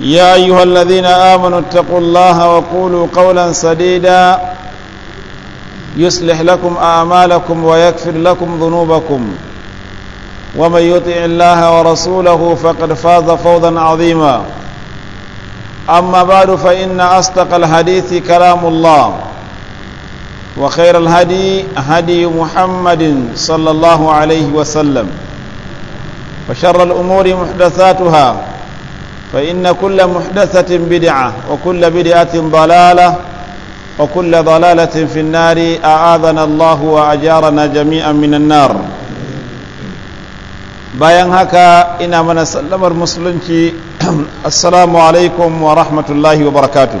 يا أيها الذين آمنوا اتقوا الله وقولوا قولا سديدا يصلح لكم أعمالكم ويكفر لكم ذنوبكم ومن يطع الله ورسوله فقد فاز فوضا عظيما أما بعد فإن أصدق الحديث كلام الله وخير الهدي هدي محمد صلى الله عليه وسلم وشر الأمور محدثاتها فإن كل محدثة بدعة وكل بدعة ضلالة وكل ضلالة في النار أعاذنا الله وأجارنا جميعا من النار bayan haka ina mana sallamar musulunci assalamu alaikum wa rahmatullahi wa barakatu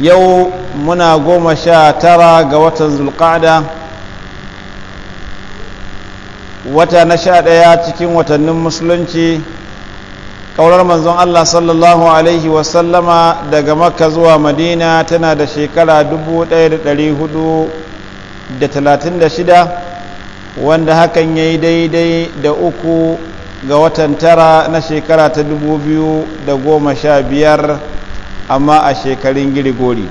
yau muna goma sha tara ga watan zulqa'da wata na sha ɗaya cikin watannin musulunci kaurar manzon Allah sallallahu alaihi wasallama daga makka zuwa madina tana da shekara 1436 wanda hakan ya yi daidai da uku ga watan tara na shekara ta 2015 amma a shekarun girigori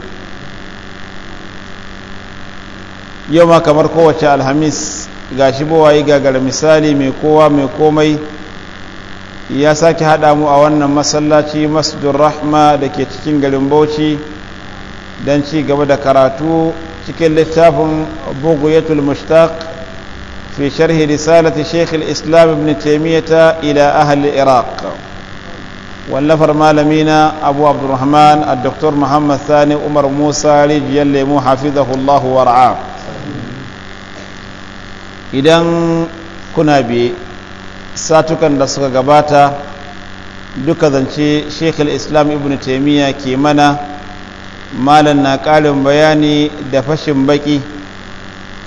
yau ma kamar kowace alhamis ga shi bawa yi gagara misali mai kowa mai komai ya sake haɗa mu a wannan masallaci masjidun rahma da ke cikin garin bauchi don ci gaba da karatu cikin littafin buguyatul mushtaq fi sharhi risalati sheikh islam ibn taimiyata ila ahli iraq wallafar malamina abu abdurrahman a doktor muhammad sani umar musa rijiyar lemu hafizahullahu wara'a idan kuna biye satukan da suka gabata duka zance shekul islam ibn taimiyya ke mana malam na ƙarin bayani da fashin baki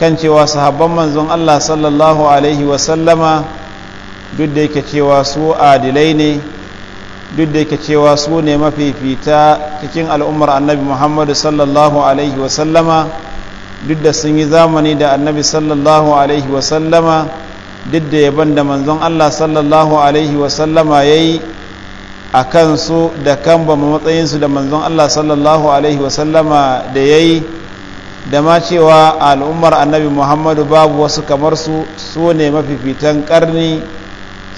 kan cewa sahabban manzon allah sallallahu alaihi wasallama duk da yake cewa su adilai ne duk da yake cewa su ne mafifita cikin al'ummar annabi muhammadu sallallahu alaihi wasallama duk da sun yi zamani da annabi sallallahu alaihi wasallama duk da ban da manzon Allah sallallahu alaihi wasallama ya yi a kansu da kan ba matsayinsu da manzon Allah sallallahu alaihi wasallama da ya yi da ma cewa al'ummar annabi muhammadu babu wasu kamar su su ne mafifitan karni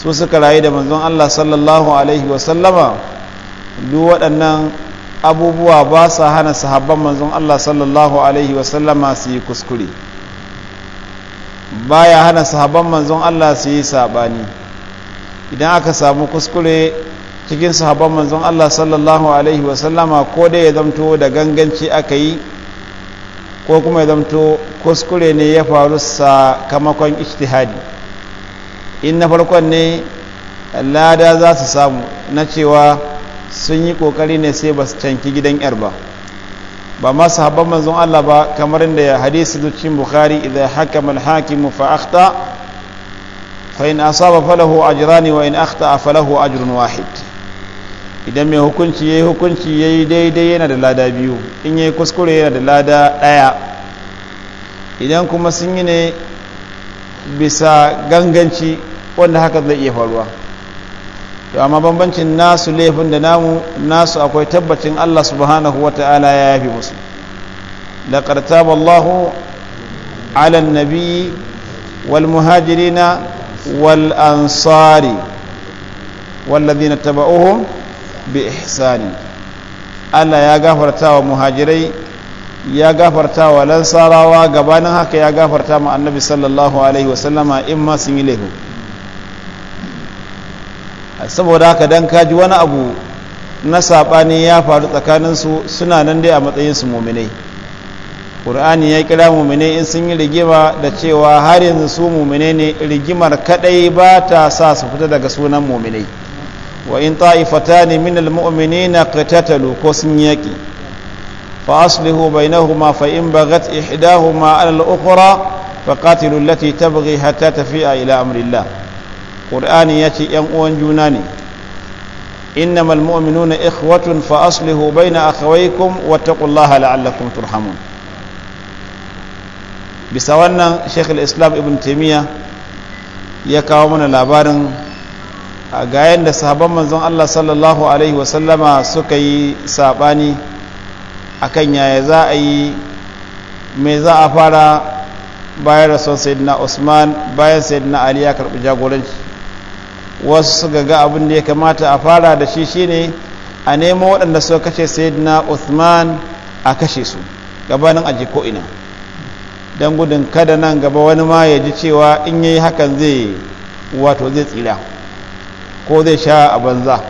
su suka rayu da manzon Allah sallallahu alaihi wasallama duk waɗannan abubuwa ba sa hana sahabban manzon Allah sallallahu alaihi wasallama su yi kuskure baya hana sahaban manzon Allah su yi sabani idan aka samu kuskure cikin sahabban manzon Allah sallallahu alaihi wasallama ko dai ya zamto da ganganci aka yi ko kuma ya zamto kuskure ne ya faru sakamakon ijtihadi in na farkon ne lada za su samu na cewa sun yi kokari ne sai ba su canki gidan yar ba ba ma sahabban manzon Allah ba kamar inda ya hadisi cikin bukhari idan hakamal hakimu fa akhta fa in asaba falahu ajrani wa in akhta falahu ajrun wahid idan mai hukunci yayi hukunci yayi daidai yana da lada biyu in yayi kuskure yana da lada ɗaya idan kuma sun yi ne bisa ganganci wanda haka zai iya faruwa to amma bambancin nasu laifin da namu nasu akwai tabbacin Allah subhanahu wata'ala ya yafi musu laqad taballahu ala an-nabi wal muhajirina wal ansari wal ladina tabauhum bi ihsani Allah ya gafarta wa muhajirai ya gafarta wa lansarawa gabanin haka ya gafarta ma annabi sallallahu alaihi wasallama in ma sun yi laifin saboda haka dan kaji wani abu na saɓani ya faru tsakaninsu suna nan dai a matsayin matsayinsu muminai ƙur'ani ya kira muminai in sun yi rigima da cewa har yanzu su muminai ne rigimar kaɗai ba ta sa su fita daga sunan muminai wa in ta'ifata ne min almu'mini na qatatalu ko sun yaƙi fa aslihu huma fa in bagat ihdahuma ala al-ukhra fa qatilu allati tabghi hatta tafi'a ila amrillah ƙur'ani ya ce ‘yan uwan juna ne inna malmominu na ikhwatun fa aslihu bai na wata wataƙullaha la'allakum turhamun bisa wannan shekul islam ibn taimiyya ya kawo mana labarin a gayan da sahabban manzon allah sallallahu alaihi wasallama suka yi saɓani a kan yaya za a yi mai za a fara bayan rasuwan sayidina usman bayan sayidina ali ya karɓi jagoranci wasu suka ga abin da ya kamata a fara da shi shine a nemo waɗanda suka kashe sayidina usman a kashe su gabanin aji ko ina don gudun kada nan gaba wani ma ya ji cewa in yi hakan zai wato zai tsira ko zai sha a banza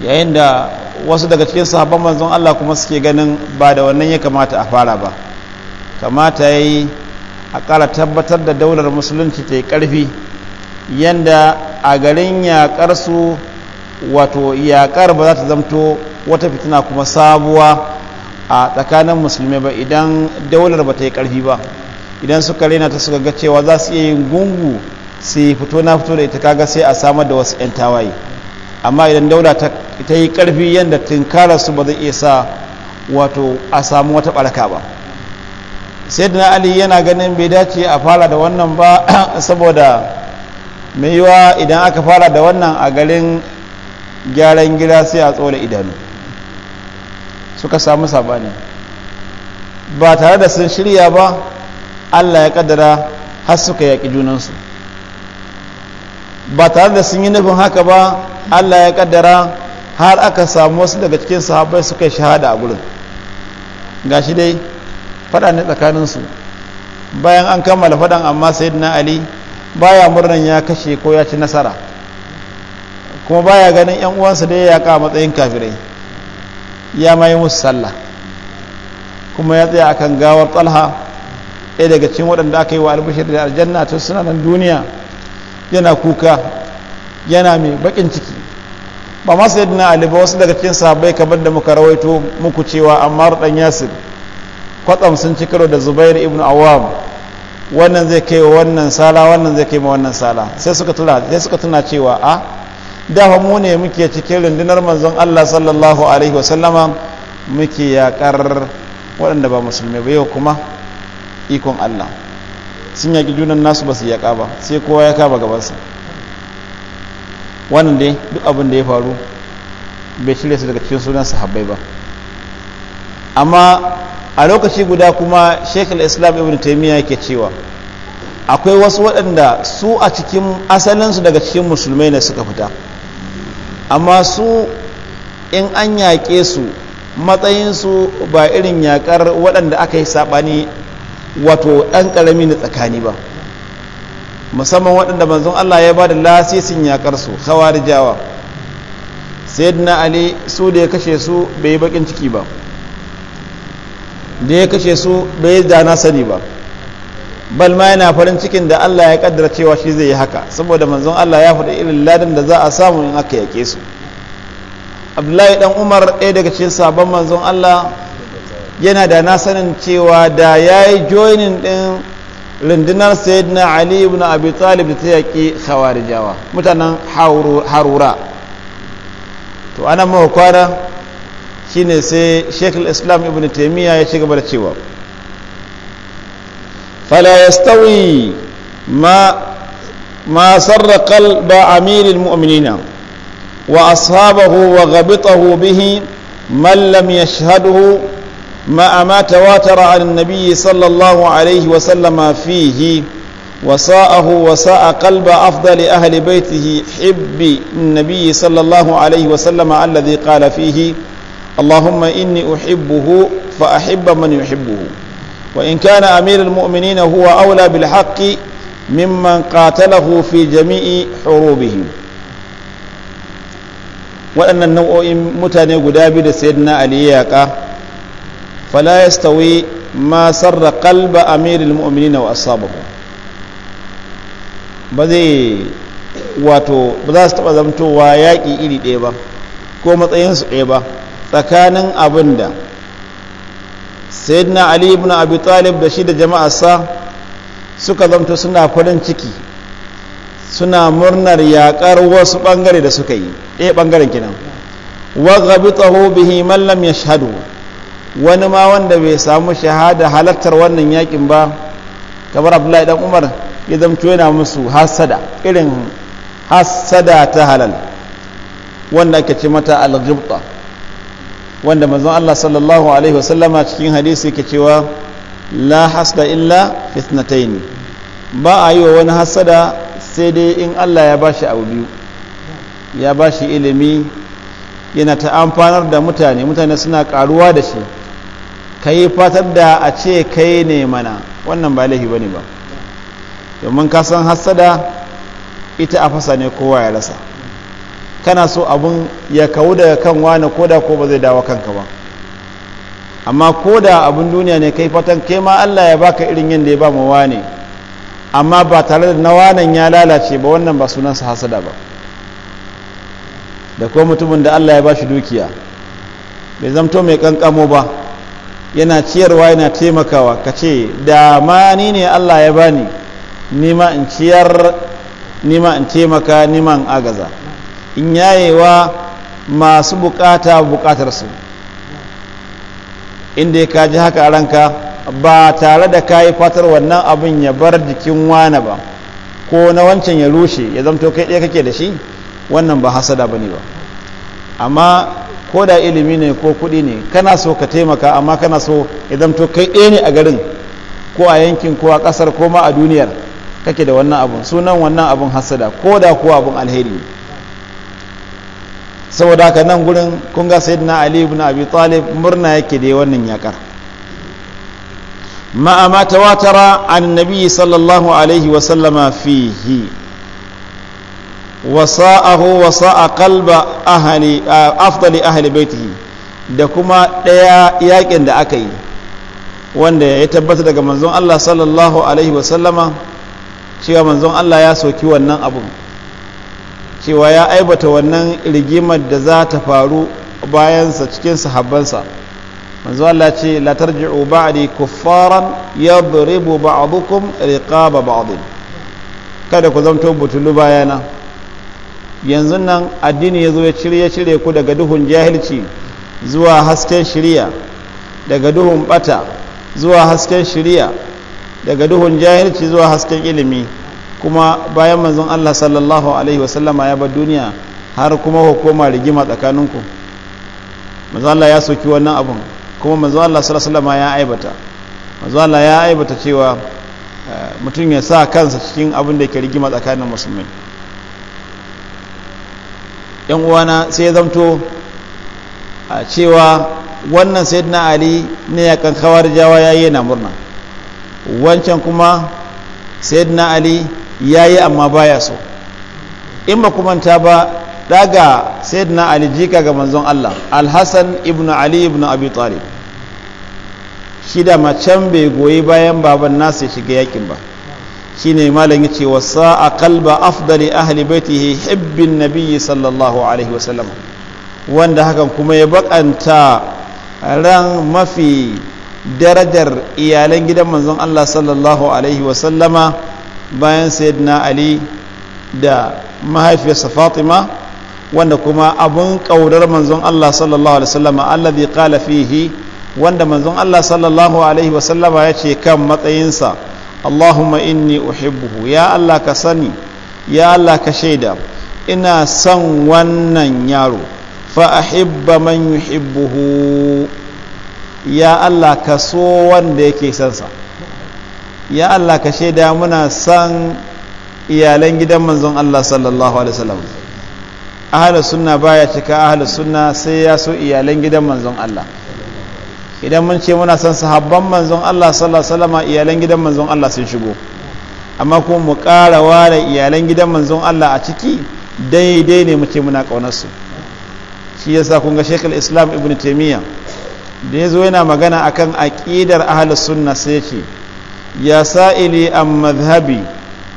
yayin da wasu daga cikin sahabban manzon Allah kuma suke ganin ba da wannan ya kamata a fara ba kamata yayi a ƙara tabbatar da daular musulunci ta yi ƙarfi yanda a garin yaƙar su wato yaƙar ba za ta zamto wata fitina kuma sabuwa a tsakanin musulmi ba idan daular ba ta yi ƙarfi ba idan suka rena ta suka ga cewa za su iya yin gungu sai fito na fito da ita kaga sai a samar da wasu 'yan tawaye amma idan daula ta yi ƙarfi yadda tunkarar su ba zai iya sa wato a samu wata ɓarka ba sai da ali yana ganin bai dace a fara da wannan ba saboda mai yiwa idan aka fara da wannan a garin gyaran gida sai a tsola idanu suka samu sabani ba tare da sun shirya ba allah ya kaddara har suka yaƙi junansu ba tare da sun yi nufin haka ba allah ya kaddara har aka samu wasu daga cikin sahabai suka shahada a gurin gashi dai faɗa ne tsakaninsu bayan an kammala faɗan amma na ali baya murnan ya kashe ko ya ci nasara kuma baya ganin yan uwansa da ya yaka a matsayin kafirai ya mai musu sallah kuma ya tsaya akan gawar talha ɗaya daga cikin waɗanda aka yi wa albishir da aljanna tun suna nan duniya yana kuka yana mai baƙin ciki ba ma yadda na ba wasu daga cikin sabai kamar da muka rawaito muku cewa amma dan yasir kwatsam sun ci karo da zubairu ibn awam wannan zai kai wa wannan sala wannan zai kai ma wannan sala sai suka tuna sai suka tuna cewa a da mu ne muke cikin rundunar manzon Allah sallallahu alaihi wasallama muke yakar waɗanda ba musulmai ba yau kuma ikon Allah sun yaƙi junan nasu ba su yaƙa ba sai kowa ya kaba gabansa wannan dai duk abin da ya faru bai shirya su daga cikin sunan sahabbai ba amma a lokaci guda kuma shekul islam ibn taimiyya ke cewa akwai wasu waɗanda su a cikin asalinsu daga cikin musulmai ne suka fita amma su in an yaƙe su matsayinsu ba irin yaƙar waɗanda aka yi saɓani wato ɗan ƙarami na tsakani ba musamman waɗanda manzon Allah ya ba da lasisin yaƙarsu su hawar jawa sayyidina ali su da ya kashe su bai yi baƙin ciki ba da ya kashe su bai da na sani ba bal ma yana farin cikin da Allah ya kaddara cewa shi zai yi haka saboda manzon Allah ya faɗi irin ladan da za a samu in aka yake su Abdullahi dan Umar ɗaya daga cikin sabon manzon Allah yana da na sanin cewa da yayi joinin ɗin rundunar sayyidina Ali ibn Abi Talib da ta yaki khawarijawa mutanen harura to ana mawa kwana shine sai sheikh islam ibn taimiyya ya ci gaba da cewa falayastawi ma sarraƙal ba amirin mu'aminina wa ashabahu wa gabitahu bihi mallam ya shahaduhu ma'amata wata ra'ar nabi sallallahu alaihi wasallama fihi وساءه وساء قلب أفضل أهل بيته حب النبي صلى الله عليه وسلم الذي قال فيه اللهم إني أحبه فأحب من يحبه وإن كان أمير المؤمنين هو أولى بالحق ممن قاتله في جميع حروبه waɗannan nau'o'in mutane guda biyu da sayyidina ali ya yaƙa fala yastawi ma sarra qalba amiril mu'minina wa ashabahu ba zai wato ba taɓa yaƙi iri ɗaya ba ko matsayinsu ɗaya ba tsakanin abin da sayyidina ali ibn abi talib da shi da jama'arsa suka zamto suna farin ciki suna murnar yaƙar wasu ɓangare da suka yi ɗaya eh, ɓangaren kinan wa tsaho bihi mallam ya shahadu wani ma wanda bai samu shahada halartar wannan yakin ba kamar abdullahi dan umar ya zamto yana musu hasada irin hasada ta halal wanda ake ce mata al wanda manzon Allah sallallahu alaihi wasallama cikin hadisi yake cewa la hasda illa fitnatayn ba a yi wa wani hasada sai dai in Allah ya bashi abu biyu ya bashi ilimi yana ta amfanar da mutane mutane suna karuwa da shi ka yi fatar da a ce kai ne mana wannan ba laifi ne ba domin ka san hasada ita a fasa ne kowa ya rasa kana so abun ya kawo daga kan wani koda ko ba zai dawo kanka ba amma da abun duniya ne kai fatan kai ma Allah ya baka irin yadda ya ba mu wani amma ba tare da na ya lalace ba wannan ba sunan sunansa hasada ba da kuma mutumin da Allah ya ba shi dukiya bai zamto mai kankamo ba yana ciyarwa yana taimakawa ka ce da ma ni ne Allah ya bani nima in ciyar nima in taimaka nima in agaza in yayewa masu bukata su inda ya kaji haka a ranka ba tare da kayi fatar wannan abin ya bar jikin wane ba ko na wancan ya rushe ya zamto kai ɗaya kake da shi wannan ba hasada ba ne ba amma ko da ilimi ne ko kuɗi ne kana so ka taimaka amma kana so ya zamto kai ɗaya ne a garin ko a yankin ko a ƙasar ko ma a duniyar kake da wannan abin sunan wannan abun hasada ko da kuwa abun alheri ne saboda haka nan gurin kunga ga sayyidina ali ibn abi talib murna yake da wannan yakar ma amma tawatara an nabi sallallahu alaihi wa sallama fihi wa a wa sa'a qalba ahli afdali ahli baitihi da kuma ɗaya yakin da aka yi wanda ya tabbata daga manzon Allah sallallahu alaihi wa cewa manzon Allah ya soki wannan abun cewa ya aibata wannan rigimar da za ta faru bayansa cikin sahabbansa manzo Allah ce la tarji'u ba'di kuffaran yadribu ba'dukum riqaba ba'd kada ku zanto butulu bayana yanzu nan addini yazo ya cire cire ku daga duhun jahilci zuwa hasken shiriya daga duhun bata zuwa hasken shiriya daga duhun jahilci zuwa hasken ilimi kuma bayan manzon Allah sallallahu alaihi wasallama ya bar duniya har kuma hukuma rigima tsakaninku manzon Allah ya soki wannan abun kuma manzon Allah sallallahu alaihi wasallama ya aibata manzon Allah ya aibata cewa eh, mutum ya sa kansa cikin abin da ke rigima tsakanin musulmai yan uwana sai ya zamto a cewa wannan na ali ne ya kankawar jawa yi yana murna wancan kuma sayyidina ali ya yi amma baya so in ba kumanta ba daga sayyidina ali jika ga manzon Allah alhassan ibn ali ibn abi talib shi da macen bai goyi bayan baban ya shiga yakin ba shine malam ce wasa a kalba afdali ahli baiti hibbin nabiyyi sallallahu alaihi wasallam wanda hakan kuma ya bakanta ran mafi darajar iyalan gidan manzon Allah sallallahu alaihi wasallama bayan sayyidina ali da mahaifiyarsa fatima wanda kuma abun kaudar manzon allah sallallahu alaihi wasallama allazi qala fihi wanda manzon allah sallallahu alaihi wasallama ya ce kan matsayinsa allahumma inni uhibbuhu ya allah ka sani ya allah ka shaida ina son wannan yaro fa ahibba man yuhibbuhu ya allah ka so wanda yake sansa ya Allah ka shaida muna san iyalan gidan manzon Allah sallallahu alaihi wasallam ahlus sunna baya cika ahlus sunna sai ya so iyalan gidan manzon Allah idan mun ce muna son sahabban manzon Allah sallallahu alaihi wasallam iyalan gidan manzon Allah sun shigo amma kuma mu ƙara ware iyalan gidan manzon Allah a ciki daidai ne mu ce muna ƙaunar su shi yasa kun ga Sheikh islam Ibn Taymiyyah da yazo yana magana akan aqidar ahlus sunna sai ce يا سائلي أم مذهبي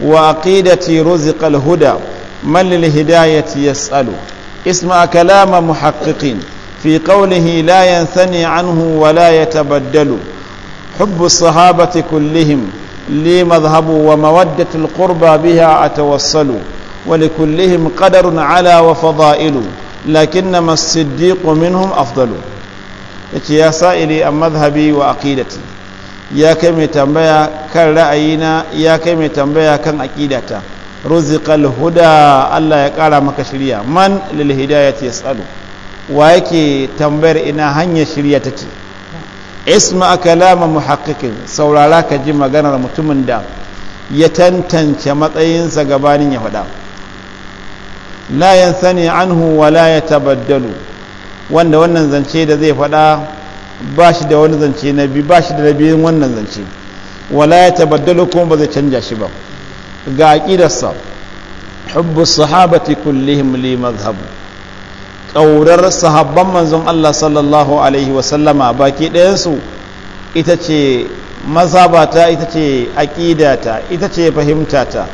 وعقيدتي رزق الهدى من للهداية يسأل اسمع كلام محقق في قوله لا ينثني عنه ولا يتبدل حب الصحابة كلهم لي مذهب ومودة القربى بها أتوصل ولكلهم قدر على وفضائل لكنما الصديق منهم أفضل يا سائلي أم مذهبي وعقيدتي ya kai mai tambaya kan ra'ayina ya kai mai tambaya kan aƙidata ruziqal huda Allah ya kara maka shirya man lil hidayati yasalu wa yake tambayar ina hanyar shirya take isma kalama muhaqqiqin saurara ka ji maganar mutumin da ya tantance matsayinsa gabanin ya faɗa la sani anhu wa la tabaddalu, wanda wannan zance da zai faɗa ba shi da wani zance na biyu ba shi da biyun wannan zance wala ya tabaddalo kuma ba zai canja shi ba ga aƙidarsa hubbu sahabati kullihim li mazhabu ƙaurar sahabban manzon Allah sallallahu alaihi wasallama baki ɗayansu ita ce mazhabata ita ce aƙidata ita ce fahimtata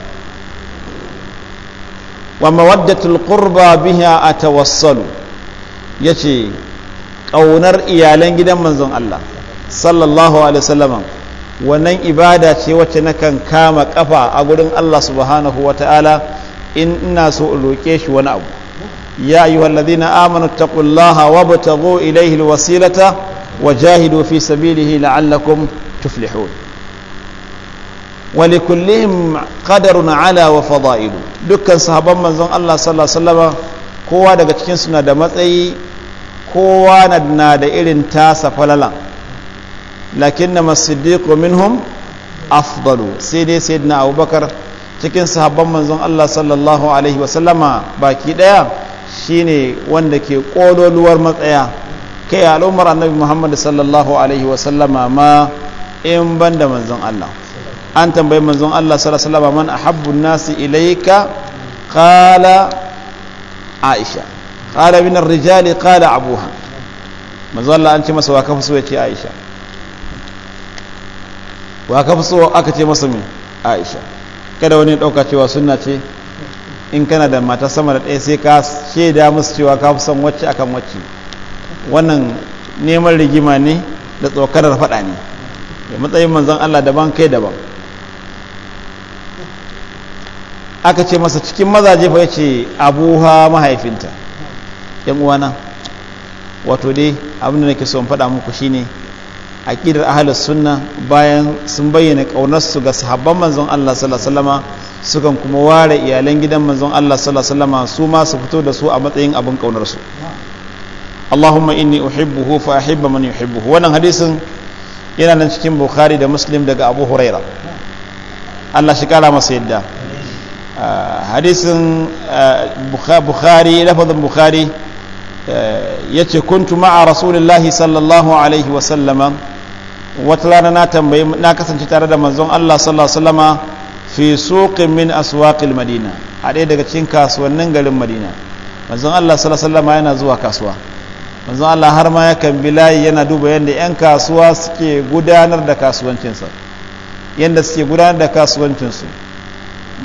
wa mawaddatul qurba biha atawassalu yace ƙaunar iyalan gidan manzon Allah sallallahu alaihi wasallam wannan ibada ce wacce nakan kama kafa a gurin Allah subhanahu wata'ala in ina so in roke shi wani abu ya ayyuhallazina amanu taqullaha wabtaghu ilayhi alwasilata wajahidu fi sabilihi la'allakum tuflihun walikullihim qadarun ala wa fada'ilu dukkan sahabban manzon Allah sallallahu alaihi wasallam kowa daga cikin suna da matsayi kowa na da irin tasa falalan lakin na masiddiku minhum afdalu sai dai sayyidina abubakar cikin sahabban manzon Allah sallallahu alaihi wasallama baki daya ne wanda ke kololuwar matsaya kai al'ummar annabi Muhammad sallallahu alaihi wasallama ma in ban banda manzon Allah an tambayi manzon Allah sallallahu alaihi wasallama man ahabbu nasi ilaika kala Aisha qala min rijali qala abuha manzo Allah an ce masa wa ka so yace Aisha wa ka so aka ce masa Aisha kada wani dauka cewa suna ce in kana da mata sama da ɗaya sai ka shaida musu cewa ka fi son wacce akan wacce wannan neman rigima ne da tsokanar faɗa ne da matsayin manzon Allah daban kai daban aka ce masa cikin mazaje fa yace abuha mahaifinta yan uwana wato dai abin da nake so in faɗa muku shine aqidar ahlus sunna bayan sun bayyana ƙaunar su ga sahabban manzon Allah sallallahu alaihi wasallama sukan kuma ware iyalan gidan manzon Allah sallallahu alaihi wasallama su ma su fito da su a matsayin abin ƙaunarsu. su Allahumma inni uhibbuhu fa ahibba man yuhibbuhu wannan hadisin yana nan cikin Bukhari da Muslim daga Abu Huraira Allah shi kara masa yadda ah, hadisin ah, Bukhari lafazin Bukhari Eh, ya ce kuntu ma'a rasulullahi sallallahu alaihi wasallama wata rana na tambayi na kasance tare da manzon Allah sallallahu alaihi wasallama fi suqin min aswaqil madina a ɗaya daga cikin kasuwannin garin madina manzon Allah sallallahu alaihi wasallama yana zuwa kasuwa manzon Allah har ma ya kan bilayi yana duba yadda yan kasuwa suke gudanar da kasuwancinsa yadda suke gudanar da kasuwancinsu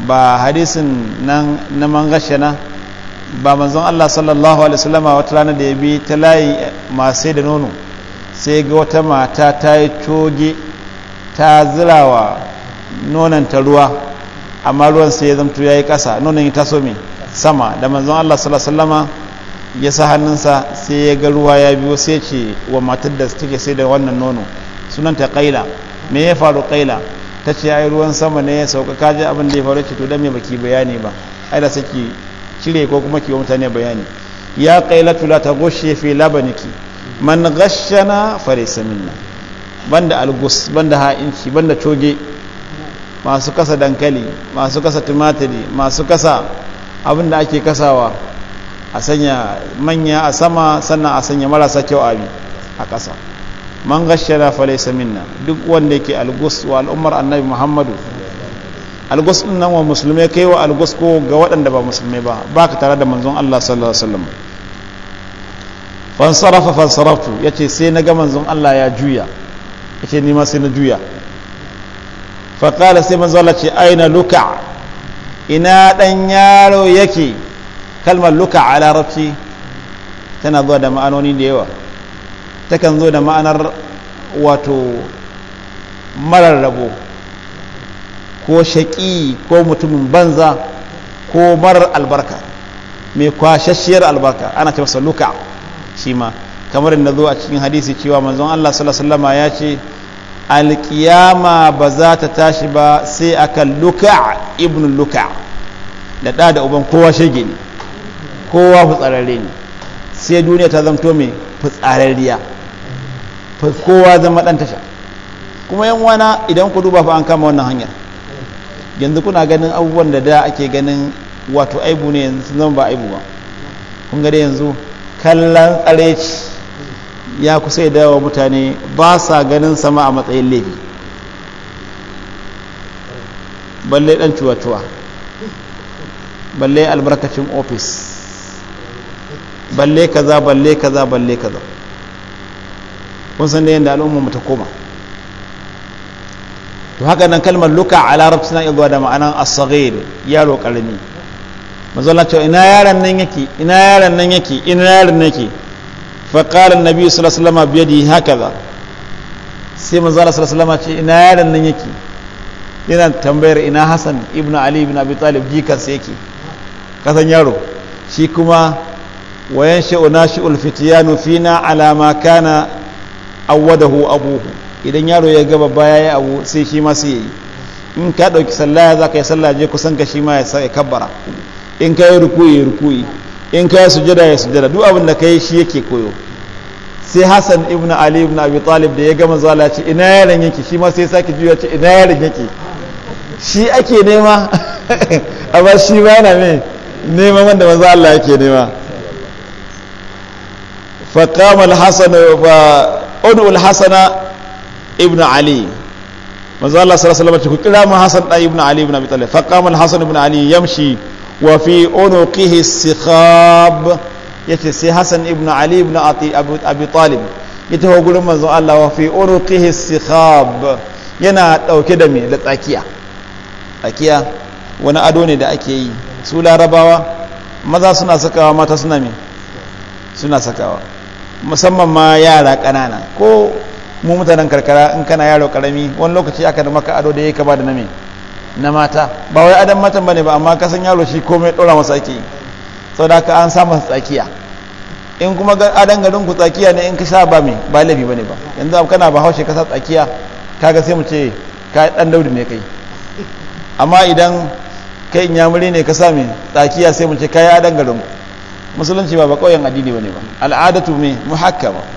ba hadisin nan na mangashana ba manzon Allah sallallahu alaihi wasallam wata rana da ya bi ta layi masu da nono sai ga wata mata ta yi coge ta zirawa nonon ta ruwa amma ruwan sai ya zamto ya yi ƙasa nonon ya taso mai sama da manzon Allah sallallahu alaihi wasallam ya sa hannunsa sai ya ga ruwa ya biyo sai ce wa matar da take sai da wannan nono sunanta kaila me ya faru kaila ta ce ai ruwan sama ne ya sauka kaje abin da ya faru ce to dan me baki bayani ba ai da saki cire ko kuma kiwa mutane bayani ya qailatu la taghshi fi labaniki man ghashana farisa minna banda algus banda ha'inci banda coge masu kasa dankali masu kasa tumatiri masu kasa abinda ake kasawa a sanya manya a sama sannan a sanya marasa kyau abi a kasa man ghashana farisa minna duk wanda yake algus wa al'ummar annabi muhammadu algus din nan wa musulmai kai wa algus ko ga waɗanda ba musulmai ba ba ka tare da manzon Allah sallallahu alaihi wasallam fansarafa fansaraftu yace sai na ga manzon Allah ya juya yace ni ma sai na juya fa sai manzon Allah ce aina luka ina dan yaro yake kalmar luka a larabci tana zuwa da ma'anoni da yawa takan zo da ma'anar wato marar rabo ko shaƙi ko mutumin banza ko marar albarka mai kwashashiyar albarka ana ce masa luka shi ma kamar da zo a cikin hadisi cewa manzon Allah sallallahu ya ce alkiyama ba za ta tashi ba sai akan luka ibn luka da ɗa da uban kowa shege ne kowa fitsararre ne sai duniya ta zamto mai fitsararriya kowa zama ɗan tasha kuma yan wana idan ku duba fa an kama wannan hanyar yanzu kuna ganin abubuwan da da ake ganin wato aibu ne yanzu sun zama ba aibu ba kun ga yanzu kallon tsareci ya kusa ya dawo mutane ba sa ganin sama a matsayin laifi balle dan cuwa-cuwa balle albarkacin ofis balle kaza balle kaza balle kaza kun san da yadda al'ummar mu ta koma to haka nan kalmar luka a larabci na zuwa da ma'anan asagir yaro karami mazalla cewa ina yaron nan yake ina yaron nan yake ina yaron nan yake fa qala annabi sallallahu alaihi wasallam bi yadihi hakaza sai manzala sallallahu alaihi wasallam ce ina yaron nan yake yana tambayar ina hasan ibn Ali ibn Abi Talib jikansa yake kasan yaro shi kuma wayan sha'una shi'ul fitiyanu fina ala ma kana awadahu abuhu idan yaro ya gaba baya ya abu sai shi ma sai yi in ka dauki sallah za ka yi sallah je kusan ka shi ma ya kabbara in ka yi rukuyi ya rukuyi in ka yi sujada ya sujada duk abin da ka yi shi yake koyo sai hassan ibn ali ibn abi talib da ya gama zala ce ina yaron yake shi ma sai ya sake juya ce ina yaron yake shi ake nema amma shi ma yana ne nema wanda manzo Allah yake nema فقام الحسن فأدعو الحسن ibn ali manzo Allah sallallahu alaihi wasallam ku kira mu hasan da ibn Ali ibn Abi Talib fa qama al-Hasan ibn Ali yamshi wa fi unuqihi sikhab yace sai hasan ibn Ali ibn Ati Abi Talib yace ho gurin manzo Allah wa fi unuqihi sikhab yana dauke da me da tsakiya tsakiya wani ado ne da ake yi su larabawa maza suna sakawa mata suna me suna sakawa musamman ma yara ƙanana ko mu mutanen karkara in kana yaro karami wani lokaci aka da maka ado da ya kaba da na na mata ba wai adam matan bane ba amma kasan yaro shi komai dora masa ake sau saboda aka an masa tsakiya in kuma adan garin ku tsakiya ne in ka sha ba me ba labi bane ba yanzu kana ba haushe kasa tsakiya kaga sai mu ce ka dan daudi ne kai amma idan kai in yamuri ne ka sa me tsakiya sai mu ce kai adan garin musulunci ba ba kauyen addini bane ba al'adatu me muhakkama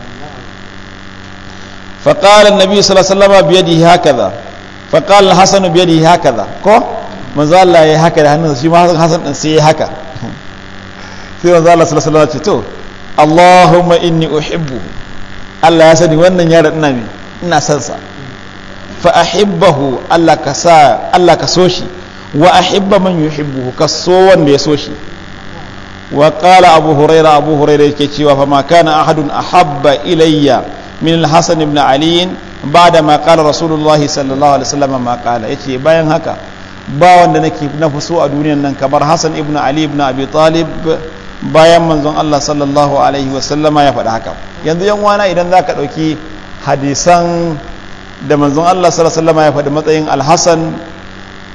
فقال النبي صلى الله عليه وسلم بيده هكذا فقال الحسن بيده هكذا كو manzo Allah ya haka da hannunsa shi Hassan din haka sai manzo Allah sallallahu alaihi wasallam to Allahumma inni Allah ya sani wannan yaro ina mi ina son sa fa ahibbahu Allah ka sa Allah ka so shi wa ahibba man yuhibbu ka so wanda ya so shi wa qala abu huraira abu huraira yake cewa fa ma kana ahadun ahabba ilayya min al ibn ali bada ma qala rasulullahi sallallahu alaihi wasallam ma qala yace bayan haka ba wanda nake na so a duniyar nan kamar hasan ibn ali ibn abi talib bayan manzon Allah sallallahu alaihi wasallama ya faɗi haka yanzu yan wana idan zaka dauki hadisan da manzon Allah sallallahu alaihi wasallama ya faɗi matsayin al-hasan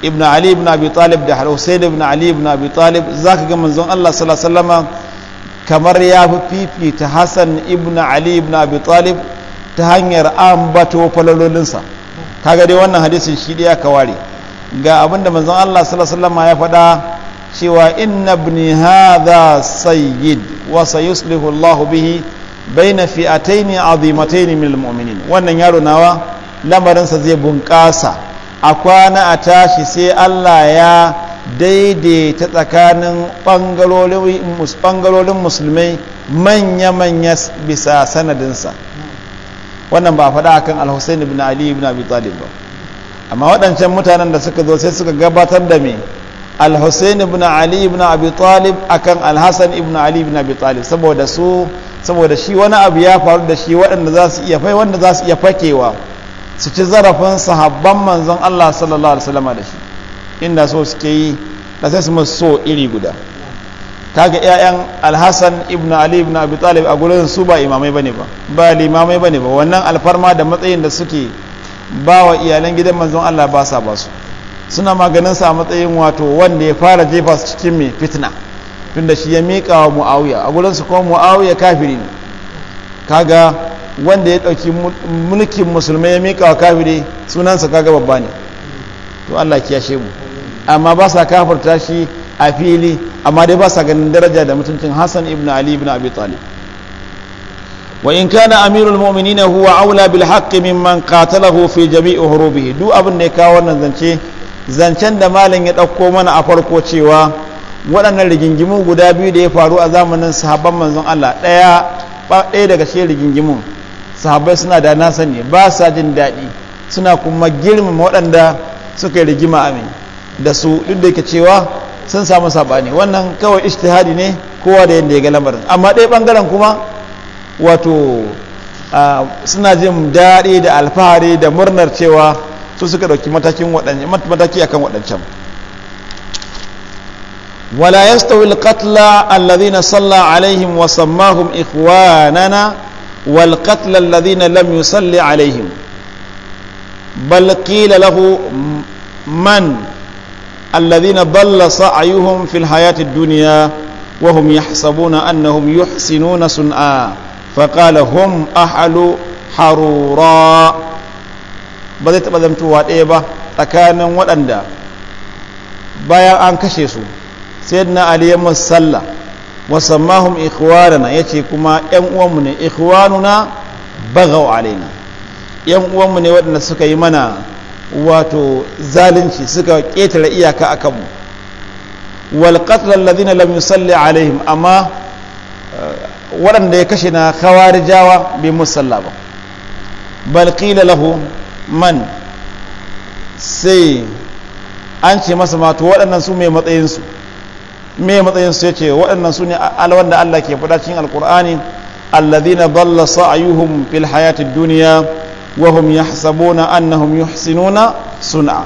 ibn ali ibn abi talib da al-husayn ibn ali ibn abi talib zaka ga manzon Allah sallallahu alaihi wasallama kamar ya fi fifita Hassan ibn Ali ibn Abi Talib ta hanyar ambato falalolinsa kaga dai wannan hadisin shi ɗaya ka ware ga abinda manzon Allah sallallahu ya faɗa cewa inna ibni hadha sayyid wa sayuslihu Allah bihi baina fi'ataini azimataini min almu'minin wannan yaro nawa lamarinsa zai bunƙasa a kwana a tashi sai Allah ya daidaita tsakanin ɓangarorin musulmai manya-manya bisa sanadinsa wannan ba faɗa akan al-husayn ibn ali ibn abi talib ba amma waɗancan mutanen da suka zo sai suka gabatar da me al-husayn ibn ali ibn abi talib akan al-hasan ibn ali ibn abi talib saboda su saboda shi wani abu ya faru da shi waɗanda za su iya fai wanda za su iya fakewa su ci zarafin sahabban manzon Allah sallallahu alaihi wasallam da shi inda so suke yi da sai su musu so iri guda kaga ƴaƴan alhassan ibn ali ibn abi talib a gurin su ba imamai bane ba ba limamai bane ba wannan alfarma da matsayin da suke ba wa iyalan gidan manzon Allah ba sa ba su suna maganin sa a matsayin wato wanda ya fara jefa su cikin mai fitna tunda shi ya mika wa muawiya a gurin su kuma muawiya kafiri ne kaga wanda ya ɗauki mulkin musulmai ya miƙa wa kafiri sunansa kaga babba ne to Allah kiyashe mu amma ba sa kafarta shi a fili amma dai ba sa ganin daraja da mutuncin Hassan ibn Ali ibn Abi Talib wa in kana amirul huwa aula bil haqqi mimman qatalahu fi jami'i hurubihi duk abin da ya kawo wannan zance zancen da malam ya dauko mana a farko cewa waɗannan rigingimu guda biyu da ya faru a zamanin sahabban manzon Allah ɗaya ɗaya daga cikin rigingimun sahabbai suna da nasa ne ba sa jin daɗi suna kuma girmama waɗanda suka yi rigima a da su duk da yake cewa sun samu sabani wannan kawai ishtihadi ne kowa da yadda ya ga lamarin amma ɗaya ɓangaren kuma wato suna jin daɗi da alfahari da murnar cewa su suka ɗauki mataki akan waɗancan wala katla allazi na salla alaihim wa sammahum ikhwanana wal qatla na lam yusalli alaihim bal qila lahu man alladhina dalla sa'yuhum fil hayati dunya wa hum yahsabuna annahum yuhsinuna sun'a faqala hum ahlu harura ba zai taɓa zamtowa ɗaya ba tsakanin waɗanda bayan an kashe su sai na aliyu musalla wasammahum ikhwanana ya ce kuma ‘yan uwanmu ne ikhwanuna bagau alaina ‘yan uwanmu ne waɗanda suka yi mana wato zalunci suka ƙetare iyaka a kanmu walƙatlar lazina lam yusalli alaihim amma eh, waɗanda ya kashe na kawar jawa bai musalla ba balƙila lahu man sai an ce masa mato waɗannan su mai matsayinsu mai matsayinsu ya ce waɗannan su ne alwanda Allah ke faɗa cikin alƙur'ani allazina ballasa ayuhun fil hayatid duniya wa hum yahsabuna annahum yuhsinuna sun'a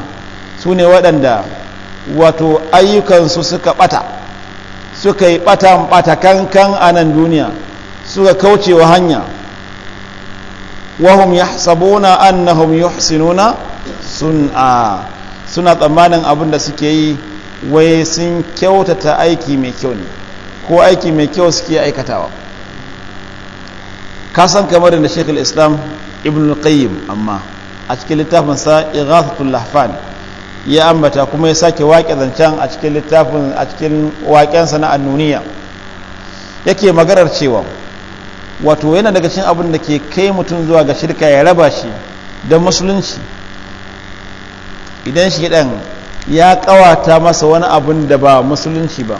sune waɗanda wato ayyukansu suka ɓata suka yi ɓatan ɓata kankan a nan duniya suka kauce wa hanya wa hum yahsabuna annahum yuhsinuna sun'a suna tsammanin abinda da suke yi wai sun kyautata aiki mai kyau ne ko aiki mai kyau suke aikatawa kasan kamar da shekul islam ibn al-qayyim amma a cikin littafin sa ighathatul lahfan ya ambata kuma ya sake waƙe zancen a cikin littafin a cikin waƙensa na annuniya yake maganar cewa wato yana daga cikin abin da ke kai mutum zuwa ga shirka ya raba shi da musulunci idan shi ɗan ya ƙawata masa wani abin da ba musulunci ba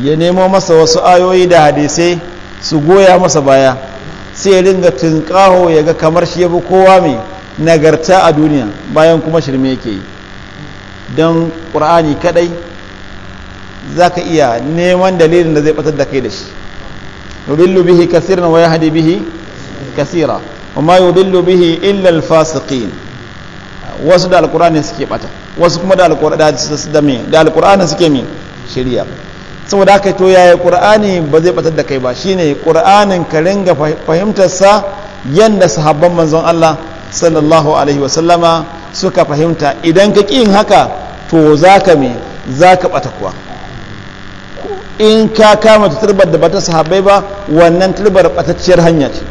ya nemo masa wasu ayoyi da hadisai su goya masa baya sai ya ringa tunƙaho ya ga kamar shi ya bi kowa mai nagarta a duniya bayan kuma shirme yake yi don ƙura'ani kaɗai za ka iya neman dalilin da zai ɓatar da kai da shi yubillu bihi kasirin wa hadi bihi kasira wa ma yubillu bihi illa alfasiqin wasu da alƙura'ani suke ɓata wasu kuma da alƙura'ani suke min shirya saboda haka to yaya qur'ani ba zai batar da kai ba shine qur'anin ka ringa fahimtarsa yanda sahabban manzon Allah sallallahu alaihi wasallama suka fahimta idan ka ƙi haka to zaka me zaka bata kuwa in ka kama turbar da bata sahabbai ba wannan turbar batacciyar hanya ce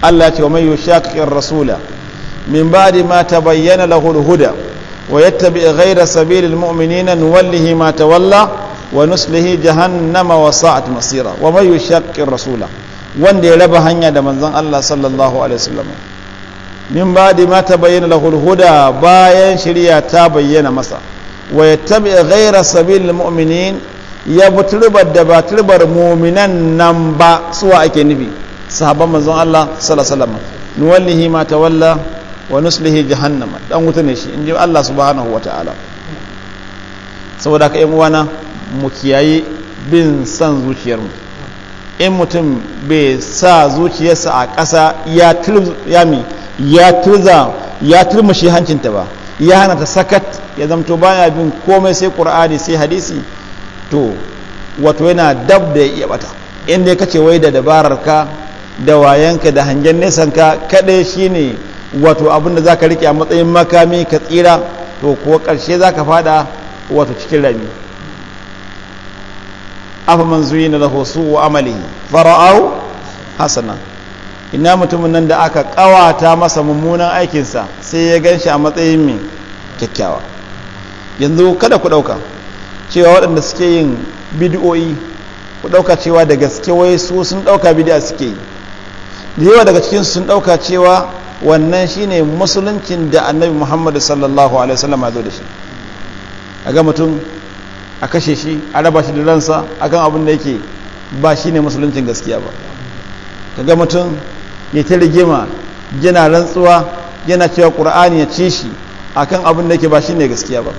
Allah ce wa man yushaqiqir rasula min ba'di ma ta bayyana al-huda wa yattabi ghayra sabilil mu'minina nuwallihi ma tawalla ونسله جهنم وساعت مصيرا ومن يشق الرسول وان دي ربا هنيا ده منزان الله صلى الله عليه وسلم من بعد ما تبين له الهدى باين شريعه تبين مسا ويتبع غير سبيل المؤمنين ya bi turbar da ba turbar muminan nan ba suwa ake nufi Sahabar manzon Allah sallallahu alaihi wasallam nuwallihi ma tawalla wa nuslihi jahannama dan wuta ne shi inji Allah subhanahu wataala saboda ka yan uwana mu kiyaye bin san zuciyarmu in mutum bai sa zuciyarsa a ƙasa ya turza ya turmushi hancinta ba ya hana ta sakat ya zamto baya bin komai sai ƙur'ani sai hadisi to wato yana dab da ya iya bata inda ya kace wai da dabararka da wayanka da hangen nesanka shi ne wato abinda da ka rike a matsayin makami ka tsira to kuwa ƙarshe za ka fada wato cikin rami afaman zuyina lahu wa amali fara'au hasana ina mutumin nan da aka kawata masa mummunan aikinsa sai ya gan shi a matsayin mai kyakkyawa yanzu kada ku dauka cewa waɗanda suke yin bid'o'i ku dauka cewa da gaske wai su sun dauka bidiyar suke yi da yawa daga cikinsu sun ɗauka cewa wannan shi ne musuluncin da annabi Muhammadu sallallahu alaihi wasallam ya zo da shi a ga mutum a kashe shi a raba shi da ransa akan abin da yake ba shi ne musuluncin gaskiya ba ka ga mutum ya ta rigima yana rantsuwa yana cewa ƙur'ani ya ci shi akan abin da yake ba shi ne gaskiya ba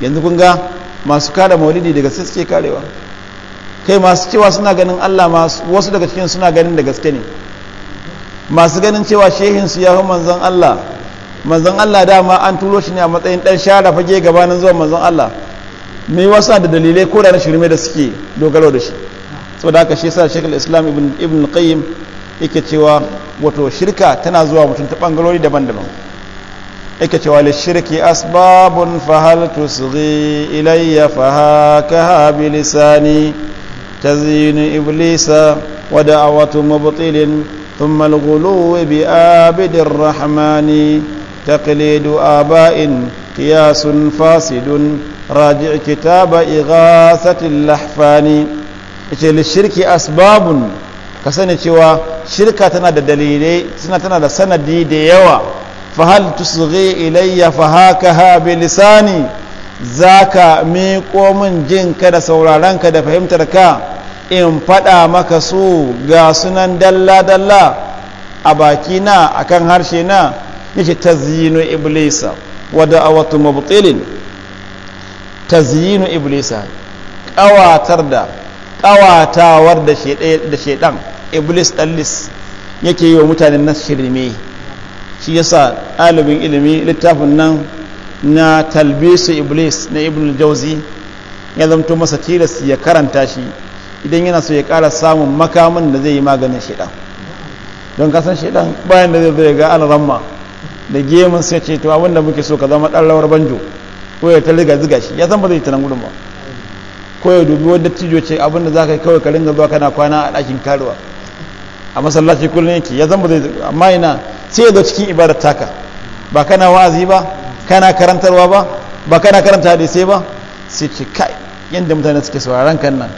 yanzu kun ga masu kada maulidi daga suke karewa kai masu cewa suna ganin allah wasu daga cikin suna ganin da gaske ne masu ganin cewa shehinsu ya fi manzon allah manzon allah dama an turo shi ne a matsayin ɗan shara fage gabanin zuwa manzon allah mai wasa da dalilai ko da na shirme da suke dogaro da shi saboda haka shi sa shekul islam ibn qayyim cewa wato shirka tana zuwa mutum ta bangarori daban-daban yake cewa le shirki asbabun fa hal tusghi ilayya fa hakaha bi lisani تزيين إبليس ودعوة مبطل ثم الغلو بآبد الرحمن تقليد آباء قياس فاسد راجع كتاب إغاثة اللحفاني ce lishirki asbabun ka sani cewa shirka tana da dalilai suna tana da sanadi da yawa fahal tusghi ilayya fahakaha bi lisani zaka miƙo min jinka da saurarenka da fahimtar ka in faɗa maka su ga sunan dalla dalla a bakina akan harshena na yace tazyinu iblisa wa da'awatu mubtilin tazyinu iblisa ƙawatar da ƙawatawar da shaiɗan iblis ɗallis yake yi wa mutanen nan shirme shi yasa ɗalibin ilimi littafin nan na talbisu iblis na ibn jauzi ya zamto masa tilas ya karanta shi idan yana so ya ƙara samun makamin da zai yi maganin shaidan don kasan shaidan bayan da zai zai ga al'ramma da gemun sai ce to wanda muke so ka zama dan rawar banjo ko ya ta riga ziga shi ya san ba zai tana gudun ba ko ya dubi wanda tijo ce za ka yi kawai ka ringa zuwa kana kwana a ɗakin karuwa a masallaci kullum yake ya zan ba zai amma ina sai ya zo cikin ibadar taka ba kana wa'azi ba kana karantarwa ba ba kana karanta hadisai ba sai ce kai yadda mutane suke sauraron kan nan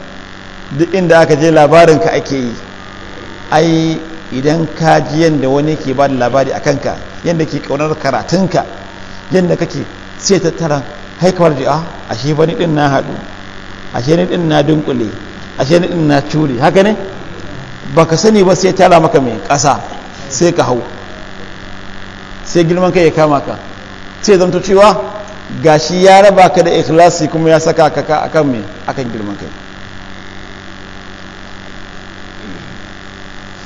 duk inda aka je labarin ka ake yi ai idan ka ji yadda wani ke ba da labari a kanka yadda ke kaunar karatunka yadda kake sai tattara haikawar da a ah, ashe ba ni din na haɗu ashe ni din na dunkule ashe ni din na cure haka ne baka sani ba sai tara maka mai ƙasa sai ka hau sai girman kai ya kama ka sai zanto cewa gashi ya raba ka da ikhlasi kuma ya saka ka akan mai akan girman kai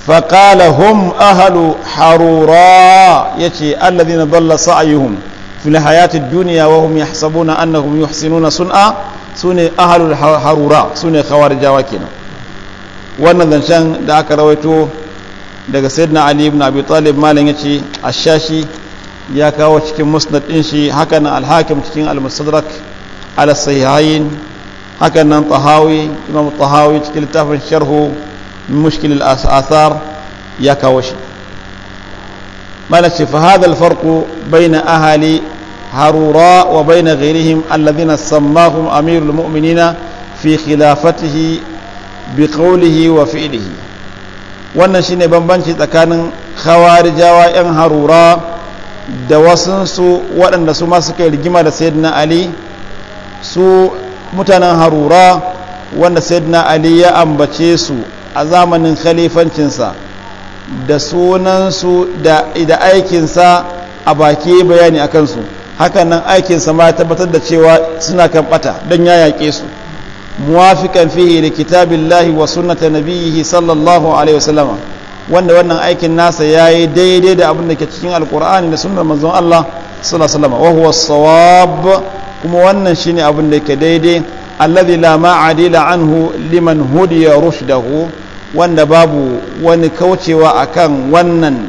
faƙala hum ahalu harura ya ce allazi na dalla sa'ayuhum fil hayati duniya wa hum yahsabuna annahum yuhsinuna sun'a sune ahalul harura sune khawarijawa kenan wannan zancen da aka rawaito daga sayyidina ali ibn abi talib malam yace ashashi ya kawo cikin musnad din shi hakan al-hakim cikin al-mustadrak ala sahihain hakan nan tahawi cikin littafin sharhu mushkilil asar ya kawo shi malaci fa hadha alfarqu baina ahali harura wa baina ghairihim alladhina sammahum amirul mu'minina fi khilafatihi bi wa fi'lihi wannan shine bambanci tsakanin khawarijawa yan harura da wasunsu waɗanda su ma suka rigima da sayyidina ali su mutanen harura wanda sayyidina ali ya ambace su a zamanin khalifancinsa da sunansu da aikinsa a baki bayani a kansu hakanan aikinsa ma ya tabbatar da cewa suna kan bata don ya yaƙe su muwafiqan fiye da lahi wa na nabiyhi sallallahu alaihi wasallama wanda wannan aikin nasa ya yi daidai da abin da ke cikin alkur'ani da sunar manzon Allah sallallahu alaihi wasallama wahuwa tsawab kuma wannan ne abin da ke daidai anhu liman wanda babu wani kaucewa akan wannan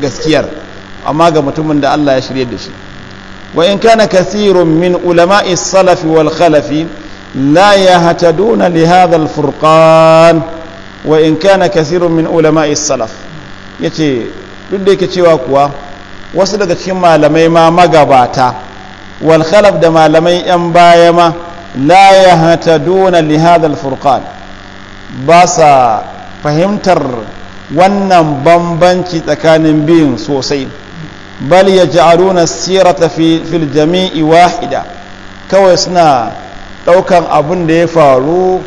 gaskiyar amma ga mutumin da Allah ya shirye da shi wa in kana kasirun min ulama'i salafi wal khalafi la yahtaduna li hadha al furqan wa in kana kasirun min ulama'i salaf yace duk da yake cewa kuwa wasu daga cikin malamai ma magabata wal khalaf da malamai yan baya ma la yahtaduna li hadha al furqan ba sa fahimtar wannan bambanci tsakanin biyun sosai bal ya ja'aluna sirata fil jami'i wahida kawai suna ɗaukan abin da ya faru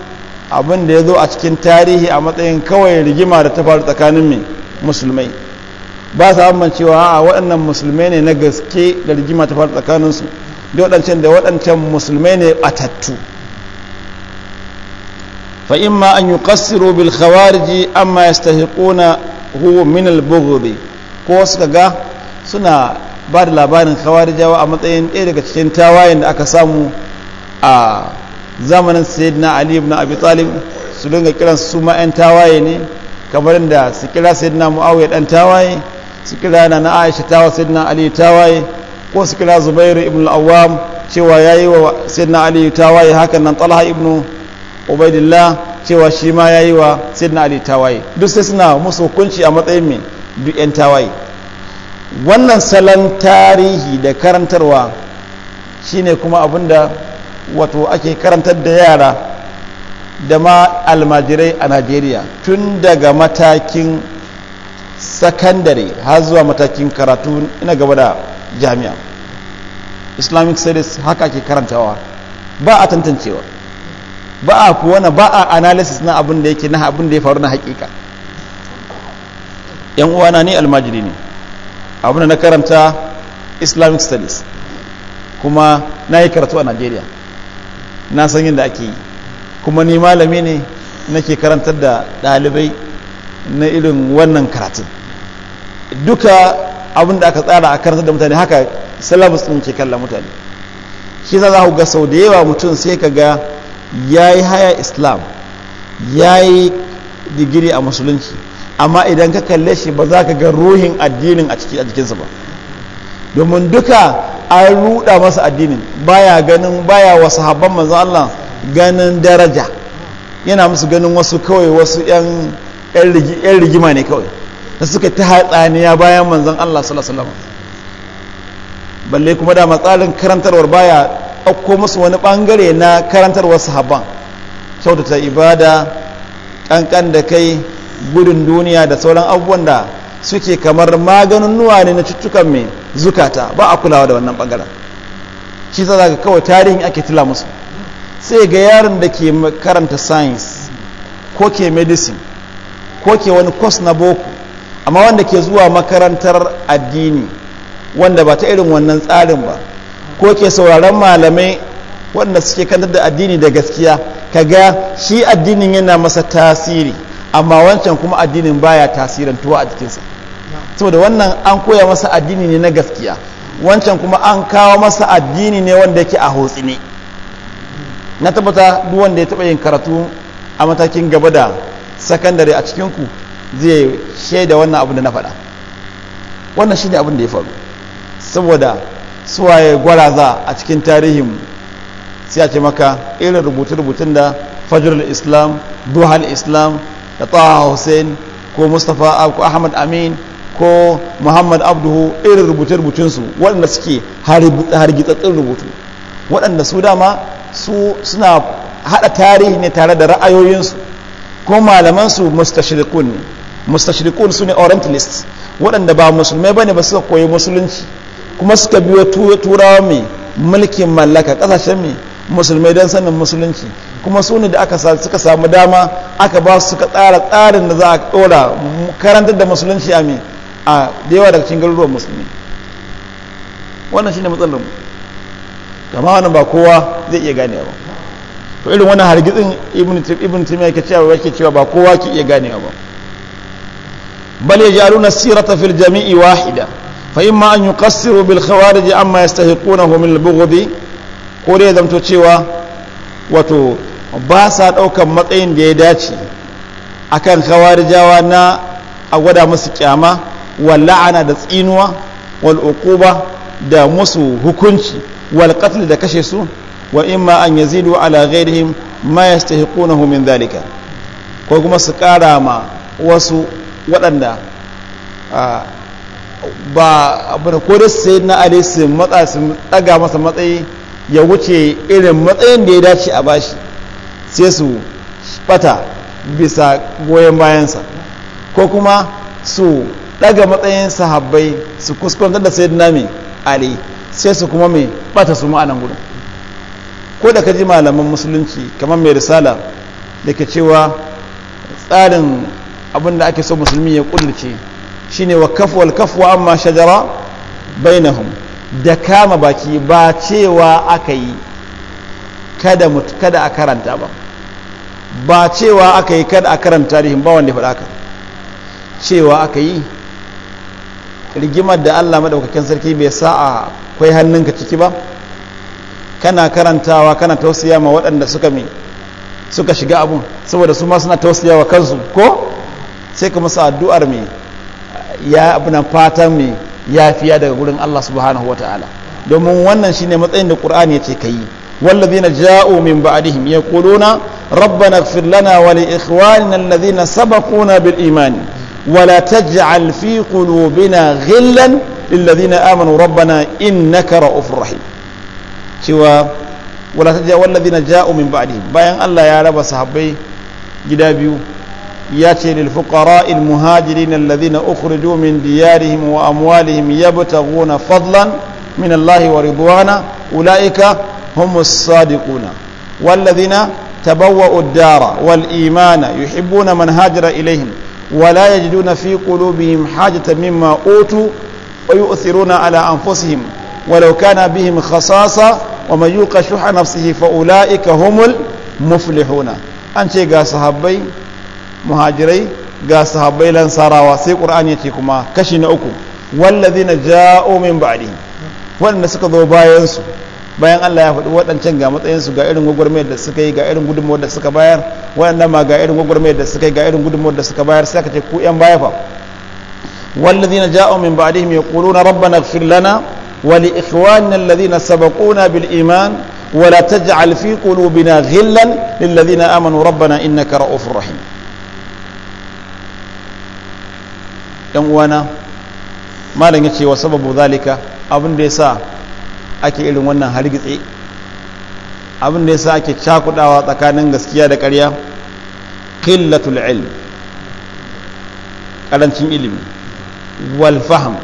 abin da ya zo a cikin tarihi a matsayin kawai rigima da ta faru tsakanin mai musulmai ba su cewa a waɗannan musulmai ne na gaske da rigima ta faru tsakaninsu da waɗancan da waɗancan musulmai ne a tattu an فإما أن يقصروا بالخوارج أما يستحقونه ko البغض ga suna ba da labarin khawarijawa a matsayin ɗaya daga cikin tawayen da aka samu a zamanin sayyidina ali ibn abi talib su dinga kiran su ma 'yan tawaye ne kamar da su kira sayyidina muawiya dan tawaye su kira na na aisha tawa sayyidina ali tawaye ko su kira zubairu ibn al-awwam cewa yayi wa sayyidina ali tawaye hakan nan talha ibn ubaidillah cewa shi ma ya yi wa sidna ali tawaye duk sai suna musu hukunci a matsayin mai duk 'yan tawaye wannan salon tarihi da karantarwa shine kuma abinda wato ake karantar da yara da ma almajirai a najeriya tun daga matakin sakandare har zuwa matakin karatu ina gaba da jami'a islamic studies haka ke karantawa ba a tantancewa ba a kuwana ba a analysis na abin da yake na abin da ya faru na hakika yan uwana ni almajiri ne abin da na karanta islamic studies kuma na yi karatu a nigeria na san yin da ake yi kuma ni malami ne nake karantar da ɗalibai na irin wannan karatun duka abin da aka tsara a karantar da mutane haka salamus ɗin ke kalla mutane shi za ku ga sau da yawa mutum sai ka ga ya yi haya islam ya yi digiri a musulunci amma idan ka kalle shi ba za ka ga ruhin addinin a jikinsa ba domin duka an ruɗa masa addinin baya ganin baya wasu habban manzo Allah ganin daraja yana musu ganin wasu kawai wasu yan rigima ne kawai da suka ta hatsaniya bayan manzon Allah sallallahu alaihi wasallam balle kuma da matsalin karantarwar baya ɗauko musu wani bangare na karantar wasu sahabban kyautata ibada ƙanƙan da kai gudun duniya da sauran abubuwan da suke kamar maganin nuwa ne na cuttukan mai zukata ba a kulawa da wannan ɓangaren shi za ga kawai tarihin ake tila musu sai ga yaron da ke karanta science ko ke medicine ko ke wani kwas na boko amma wanda ke zuwa makarantar addini wanda ba ta irin wannan tsarin ba ko ke sauraron malamai wanda suke kantar da addini da gaskiya ka ga shi addinin yana masa tasiri amma wancan kuma addinin baya tasirantuwa a jikinsa saboda wannan an koya masa addini ne na gaskiya wancan kuma an kawo masa addini ne wanda yake a hotsi ne na tabbata duk wanda ya taba yin karatu a matakin gaba da sakandare a cikinku zai shaida wannan abin da na faɗa wannan shi ne abin da ya faru saboda suwaye gwaraza a cikin tarihin sai a ce maka irin rubutu-rubutun da fajr islam duhal islam da tsawon hussein ko mustapha ko ahmad amin ko muhammad abduhu irin rubutu-rubutunsu waɗanda suke hargitsattun rubutu waɗanda su dama su suna haɗa tarihi ne tare da ra'ayoyinsu ko malamansu mustashirikun ne mustashirikun su ne orientalists waɗanda ba musulmai ba ne ba suka koyi musulunci kuma suka biyo turawa mai mulkin mallaka kasashen mai musulmai don sanin musulunci kuma su ne da aka suka samu dama aka ba su suka tsara tsarin da za a ɗora karantar da musulunci a mai a da yawa daga cikin garuruwan musulmi wannan shi matsalar mu gama wannan ba kowa zai iya gane ba to irin wannan hargitsin ibn timiya yake cewa yake cewa ba kowa ke iya gane ba bal yajaluna sirata fil jami'i wahida فإما أن يقصروا بالخوارج أما يستحقونه من البغض كوري زمتو تشيوا وتو باسا أوكا مطعين بيداتي أكان خوارجاوا نا أودا مسكياما واللعنة دسينوا والعقوبة دا مسو هكونشي والقتل دا كشسو وإما أن يزيدوا على غيرهم ما يستحقونه من ذلك ko kuma su ƙara ma wasu waɗanda ba abu da kodin sai na ali su daga masa matsayi ya wuce irin matsayin da ya dace a bashi sai su bata bisa goyon bayansa ko kuma su daga matsayin sahabbai su kuskantar da sayyidina mai ali sai su kuma mai bata su ma'anan gudu ko da ka ji malaman musulunci kamar mai risala da ke cewa tsarin abin da ake so musulmi ya kudurce shine wa kafu wal kafu amma shajara bainahum da kama baki ba cewa aka yi kada kada a karanta ba ba cewa aka yi kada a karanta tarihin ba wanda ya ka cewa aka yi rigimar da Allah madaukakin sarki bai sa a kwai hannunka ciki ba kana karantawa kana tausiya ma waɗanda suka mai suka shiga abun saboda su ma suna tausiya wa kansu ko sai ka musu addu'ar mai ya abinan fata mai ya fiya daga gurin Allah subhanahu wa ta'ala domin wannan shine matsayin da ƙur'ani ya ce ka yi wallazi na ja'o min ba'adihim ya kudo na rabbana firlana wani ikhwani na lazi na saba kuna bil imani wala ta ji alfi kulubina gillan lillazi na amanu rabbana in na kara ufurahi wala ta ji wallazi na ja'o min ba'adihim bayan Allah ya raba sahabbai gida biyu ya yace lilfuqara'il muhajirin alladhina ukhriju min diyarihim wa amwalihim yabtaghuna fadlan min Allahi wa ridwana ulaika humus sadiquna walladhina tabawwa'u ad-dara wal imana yuhibbuna man hajara ilayhim ولا يجدون في قلوبهم حاجة مما ala ويؤثرون على أنفسهم ولو كان بهم خصاصة ومن يوق شح نفسه humul muflihuna an ce يا صحابي muhajirai ga sahabbai lansarawa sai ya ce kuma kashi na uku wallazina ja'u min ba'di wanda suka zo bayansu bayan Allah ya faɗi waɗancan ga matsayinsu ga irin gwagwarmayar da suka yi ga irin gudunmawar da suka bayar waɗanda ma ga irin gwagwarmayar da suka yi ga irin gudunmawar da suka bayar sai aka ce ku yan baya fa wallazina ja'u min ba'dihim yaquluna rabbana ighfir lana wa li ikhwanina alladhina sabaquna bil iman ولا تجعل في قلوبنا غلا للذين امنوا ربنا انك رؤوف رحيم yan uwana malam ya ce wa sababu zalika abin da ya sa ake irin wannan hargitse abin ya sa ake cakudawa tsakanin gaskiya da ƙarya ƙillatul ilm ƙarancin ilimi wal faham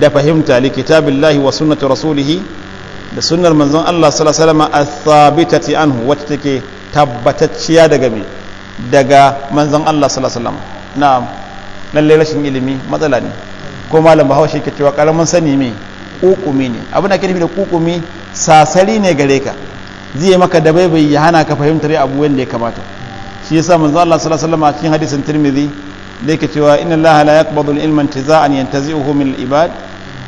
da fahimta likitabillahi kitabillahi wa sunnati rasulihi da sunnar manzon Allah sallallahu alaihi wasallam a anhu wacce take tabbatacciya daga me daga manzon Allah sallallahu alaihi wasallam na'am lallai rashin ilimi matsala ne ko malam bahaushe ke cewa karamin sani mai kukumi ne abin da ke nufi da kukumi sasari ne gare ka zai maka da bai ya hana ka fahimtar abu wanda ya kamata shi yasa manzo Allah sallallahu alaihi wasallam a cikin hadisin Tirmidhi da yake cewa inna Allah la yaqbidu al-ilma intiza'an yantazi'uhu min al-ibad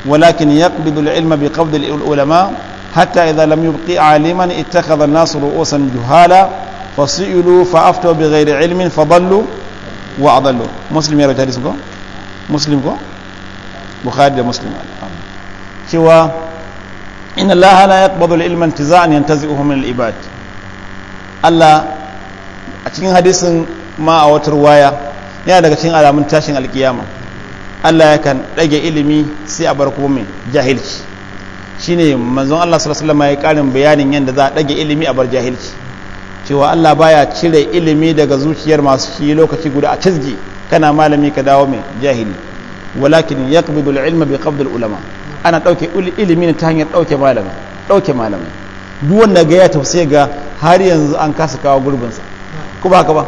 walakin yaqbidu al-ilma biqabd al-ulama hatta idha lam yubqi 'aliman ittakhadha an-nas ru'usan juhala fasilu fa'aftu bighayri 'ilmin fadallu wa adallu muslim ya rawaita hadisin ko muslim ko bukhari da muslim cewa inna allaha la yaqbadu al-ilma intiza'an yantazi'uhu min al-ibad Allah a cikin hadisin ma a watar waya yana daga cikin alamun tashin alkiyama Allah yakan dage ilimi sai a bar kuma mai jahilci shine manzon Allah sallallahu alaihi wasallam ya karin bayanin yadda za a dage ilimi a bar jahilci cewa Allah baya cire ilimi daga zuciyar masu shi lokaci guda a cizgi kana malami ka dawo mai jahili walakin yaqbidu al-ilma bi qabd ulama ana dauke ilimi ta hanyar dauke malami dauke malami duk wanda ga ya tausaye ga har yanzu an kasa kawo gurbin sa ko ba ka ba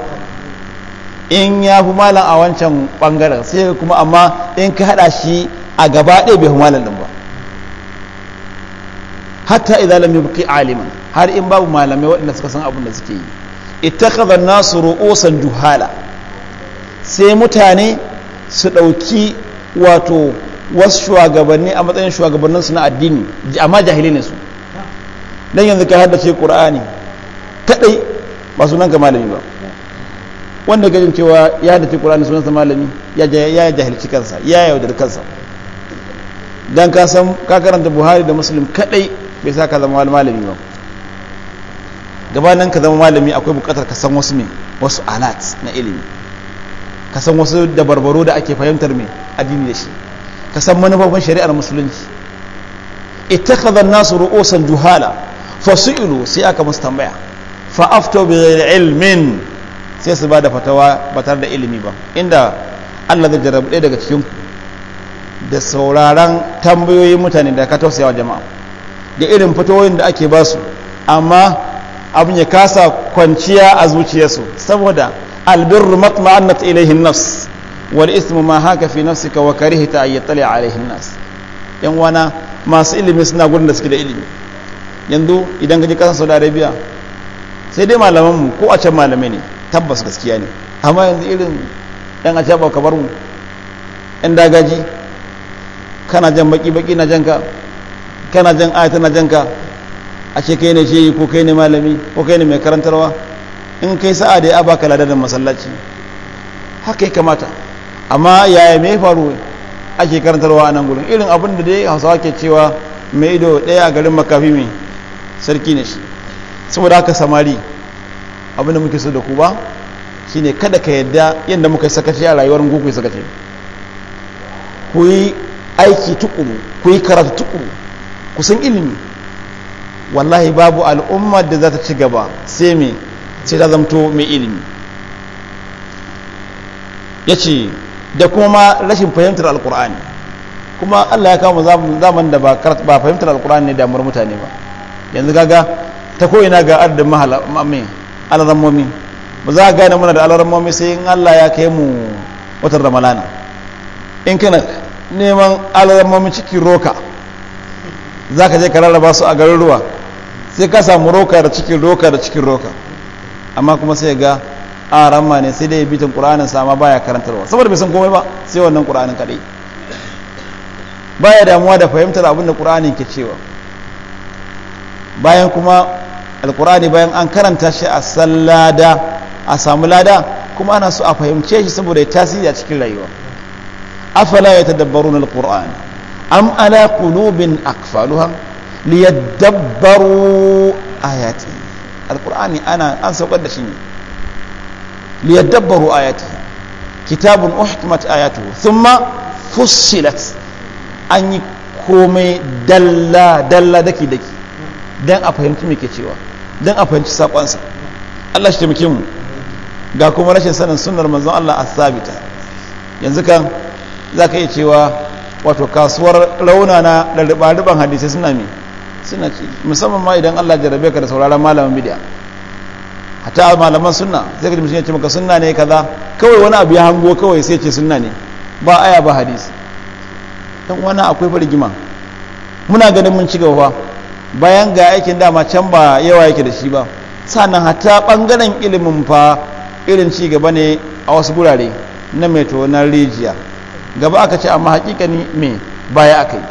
in ya fi malam a wancan bangaren sai kuma amma in ka hada shi a gaba ɗaya bai fi malam din ba hatta idan lam yubqi aliman har in babu malamai waɗanda suka san abin da suke yi ittakhadha nasu ru'usan juhala sai mutane su ɗauki wato wasu shugabanni a matsayin shugabannin su na addini amma jahili ne su dan yanzu ka haddace qur'ani kadai ba sunan ka malami ba wanda ga jin cewa ya haddace qur'ani sunan sa malami ya ya jahilci kansa ya yaudar kansa dan ka san ka karanta buhari da muslim kadai bai sa ka zama malami ba gabanin ka zama malami akwai bukatar ka san wasu ne wasu alat na ilimi ka san wasu dabarbaro da ake fahimtar mai addini da shi ka san manufofin shari'ar musulunci ita ka zan nasu ru'usan juhala ilu sai aka musu tambaya fa afto bi ilmin sai su da fatawa ba tare da ilimi ba inda Allah zai jarabu daga cikin da sauraron tambayoyin mutane da ka tausayawa jama'a da irin fatawoyin da ake basu amma abin ya kasa kwanciya a zuciyarsu saboda albirru matma'annat ilaihin nafs wal ismu ma haka fi nafsika wa karihta an a alayhin nas yan wana masu ilimi suna gurin da suke da ilimi yanzu idan ka kasar Saudi Arabia sai dai malaman mu ko a can malamai ne tabbas gaskiya ne amma yanzu irin dan a caba kabar mu yan dagaji kana jan baki baki na janka kana jan ayata na janka a ce kai ne shi ko kai ne malami ko kai ne mai karantarwa in kai sa'a da ya baka da masallaci haka ya kamata amma yaya mai faru ake karantarwa a nan gudun irin abin da dai hausawa ke cewa mai ido ɗaya a garin makafi mai sarki ne shi saboda haka samari abin da muke so da ku ba shine kada ka yadda yadda muka yi sakaci a rayuwar ku yi sakaci ku yi aiki tukuru ku yi karatu tukuru ku san ilimi wallahi babu al'ummar da za ta ci gaba sai me sai ta zamto mai ilimi ya ce da kuma ma rashin fahimtar alkur'ani kuma allah ya kama zaman da ba fahimtar alkur'ani ne damar mutane ba yanzu gaga ta na ga adadin mahalamin alarammomi ba za a gane muna da alarammomi sai in allah ya kai mu da ramalana in kana neman alarammomi cikin roka za ka je ka rarraba su a garuruwa sai ka samu roka da cikin roka da cikin roka amma kuma sai ga a ramma ne sai dai bitin ƙura'anin sama baya karantarwa saboda bai san komai ba sai wannan ƙura'anin kadai baya damuwa da fahimtar abin da ƙura'anin ke cewa bayan kuma alƙura'ani bayan an karanta shi a sallada a samu lada kuma ana so a fahimce shi saboda ya tasiri a cikin rayuwa afala ya na alƙura'ani am ala kulubin akfaluha liyadabbaru ayati alqur'ani ana an saukar da shi ne liyadabbaru ayati kitabun uhkimat ayatu thumma fussilat an yi komai dalla dalla daki daki dan a fahimci me ke cewa dan a fahimci sakonsa Allah shi taimake mu ga kuma rashin sanin sunnar manzon Allah as-sabita yanzu kan zaka iya cewa wato kasuwar na da riba-riban hadisi suna mai suna ci musamman ma idan Allah jarabe ka da sauraron malamin bid'a hatta malaman sunna sai ka ji mutum ya ce maka suna ne kaza kawai wani abu ya hango kawai sai ce sunna ne ba aya ba hadisi dan wani akwai fargima muna ganin mun ci gaba bayan ga aikin dama can ba yawa yake da shi ba sannan hatta bangaren ilimin fa irin ci gaba ne a wasu gurare na meto na rijiya gaba aka ce amma hakikani me baya akai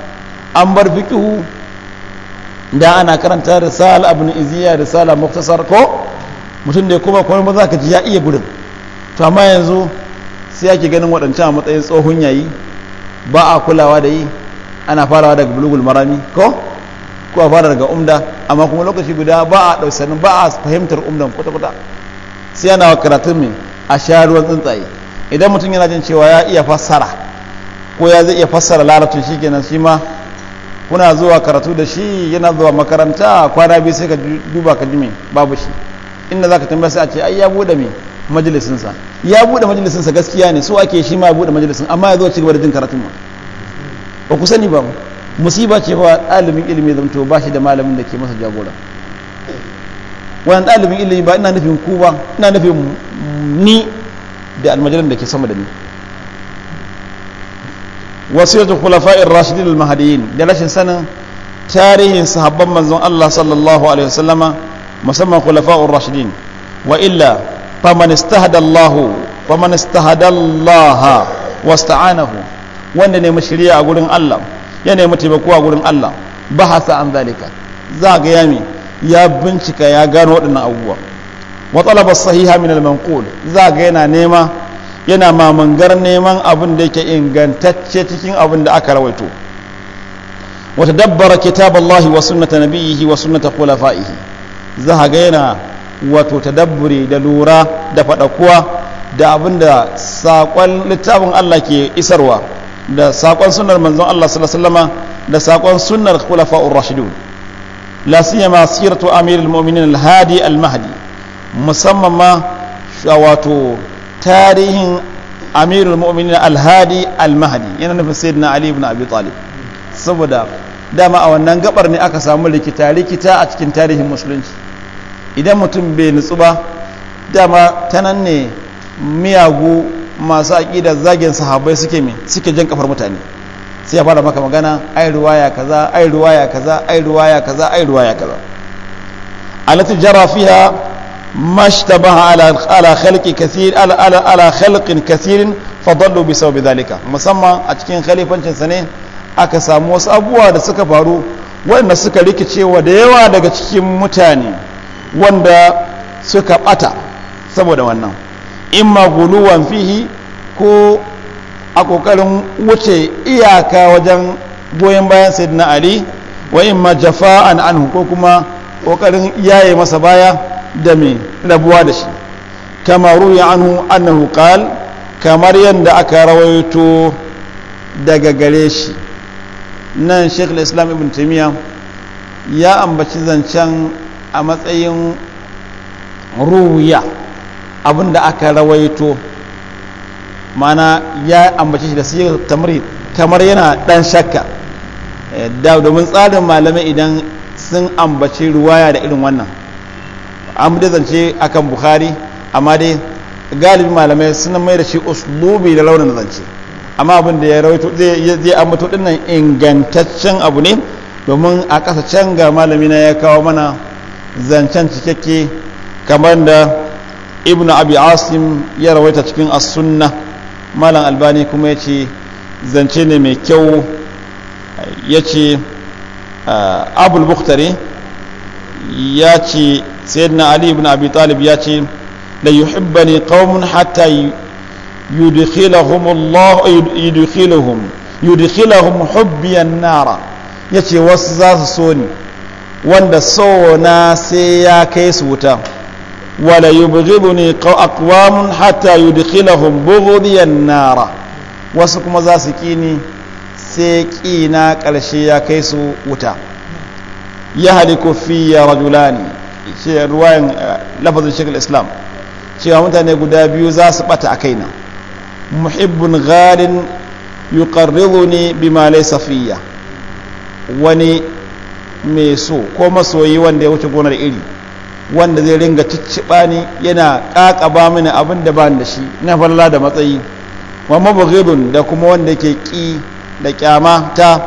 an bar fiqhu da ana karanta risala abin iziya risala muktasar ko mutum da ya kuma kuma ba za ka ji ya iya gudun to amma yanzu sai ake ganin waɗancan a matsayin tsohon yayi ba a kulawa da yi ana farawa daga bulugul marami ko ko a fara daga umda amma kuma lokaci guda ba a ɗausanin ba a fahimtar umdan kwata-kwata sai yana karatun mai a sha ruwan tsuntsaye idan mutum yana jin cewa ya iya fassara ko ya zai iya fassara larabcin shi kenan shi ma kuna zuwa karatu da shi yana zuwa makaranta kwana biyu sai ka duba ka jimi babu shi inda za ka tambaya sai a ce ai ya buɗe mai majalisinsa ya bude majalisinsa gaskiya ne so ake shi ma ya bude majalisin amma ya zo ci gaba da jin karatun ma ba ku sani ba musiba ce kawai ɗalibin ilimi zamto ba shi da malamin da ke masa jagora wannan ɗalibin ilimi ba ina nufin ku ba ina nufin ni da almajiran da ke sama da ni wasiyatu khulafa'ir rashidin al-mahdiyyin da rashin sanin tarihin sahabban manzon Allah sallallahu alaihi wasallama musamman khulafa'ur rashidin wa illa faman istahada Allah faman istahada Allah wasta'anahu wanda ne mashiriya a gurin Allah ya nemi taimako a gurin Allah bahasa an zalika za ga yami ya bincika ya gano waɗannan abubuwa wa talaba sahiha min al-manqul za ga yana nema yana mamangar neman abin da yake ingantacce cikin abin da aka rawaito wata dabbara kitab Allah wa sunnata nabiyihi wa sunnata khulafa'ihi za a ga yana wato tadabburi da lura da faɗakuwa da abin da saƙon littafin Allah ke isarwa da saƙon sunnar manzon Allah sallallahu da saƙon sunnar khulafa'ur rashidun la siyama siratu amirul mu'minin al-hadi al-mahdi musamman ma wato tarihin amirul mu'minin alhadi almahadi yana nufin sayyidina ali ibn abi talib saboda dama a wannan gabar ne aka samu likita likita a cikin tarihin musulunci idan mutum bai nutsu ba dama ta nan ne miyagu masu aƙidar zagin sahabai suke mai suke jan kafar mutane sai ya fara maka magana ai ruwaya kaza ai ruwaya kaza ai ruwaya kaza ai ruwaya kaza alati jara fiha ما اشتبه على على خلق كثير على على, على خلق كثير فضلوا بسبب ذلك مسمى a cikin سنه ne aka samu wasu abubuwa da suka faru wanda suka rikicewa da yawa daga cikin mutane wanda suka bata saboda wannan ma guluwan fihi ko a kokarin wuce iyaka wajen goyon bayan sayyidina ali wa ma jafa'an anhu ko kuma kokarin yaye masa baya da mai rabuwa da shi kamaru ya anu annahu qal kamar yadda aka rawaito daga gare shi nan sheikh islam ibn timiya ya ambaci zancen a matsayin ruya abinda aka rawaito mana ya ambaci shi da yi tamri kamar yana dan shakka eh, domin tsarin malamai idan sun ambaci ruwaya da irin wannan an da zance akan bukhari amma dai galibin malamai suna mai da shi uslubi da launin zance amma abin da ya rawaito zai mutu dinnan ingantaccen abu ne domin a ƙasa can ga malami na ya kawo mana zancen cikakke kamar da ibnu abi asim ya rawaita cikin as-sunna malam albani kuma ya ce zance ne mai kyau ya ce ah, abul bukhtari ya ce sayyidina ali ibn abi talib ya ce la yuhibbani qaumun hatta yudkhilahum Allah yudkhiluhum yudkhiluhum hubbiyan nara yace wasu zasu soni wanda so na sai ya kai su wuta wala yubghiduni aqwamun hatta yudkhilahum bughdiyan nara wasu kuma za su kini sai kina karshe ya kai su wuta ya haliku fi rajulani ce ruwayan eh, lafazin shekul islam cewa mutane guda biyu za su bata a kaina muhibbun garin yuqarridu ne bi malai safiya wani mai so ko masoyi wanda ya wuce gonar iri wanda zai ringa cicciɓa ni yana ba mini abin da ba da shi na falla da matsayi wa mabughidun da kuma wanda ke ƙi da ƙyama ta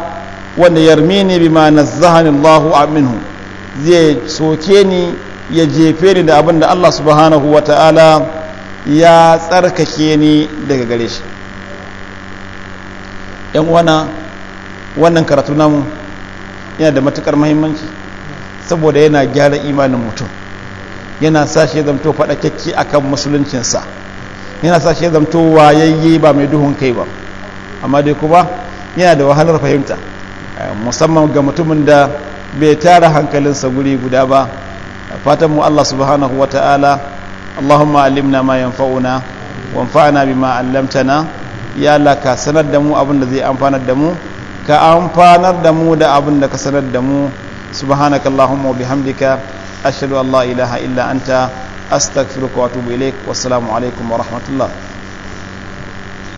wanda yarmi ne bima nazzahani Allahu minhu zai soke ni ya jefe ni da abin da Allah subhanahu wa ta'ala ya tsarkake ni daga gare shi ‘yan wana wannan karatu namu yana da matukar mahimmanci saboda yana gyara imanin mutum yana sa shi zamto faɗakakki a kan musuluncinsa yana sa shi zamto wayayye ba mai duhun kai ba amma dai kuma yana da wahalar fahimta musamman ga mutumin da bai tara hankalinsa guri guda ba fatan mu Allah subhanahu wa ta'ala Allahumma alimna ma yanfa'una wanfa'na bima 'allamtana ya Allah ka sanar da mu abin da zai amfanar da mu ka amfanar da mu da abin da ka sanar da mu subhanaka Allahumma wa bihamdika ashhadu an la ilaha illa anta astaghfiruka wa atubu ilaik wassalamu alaikum wa rahmatullah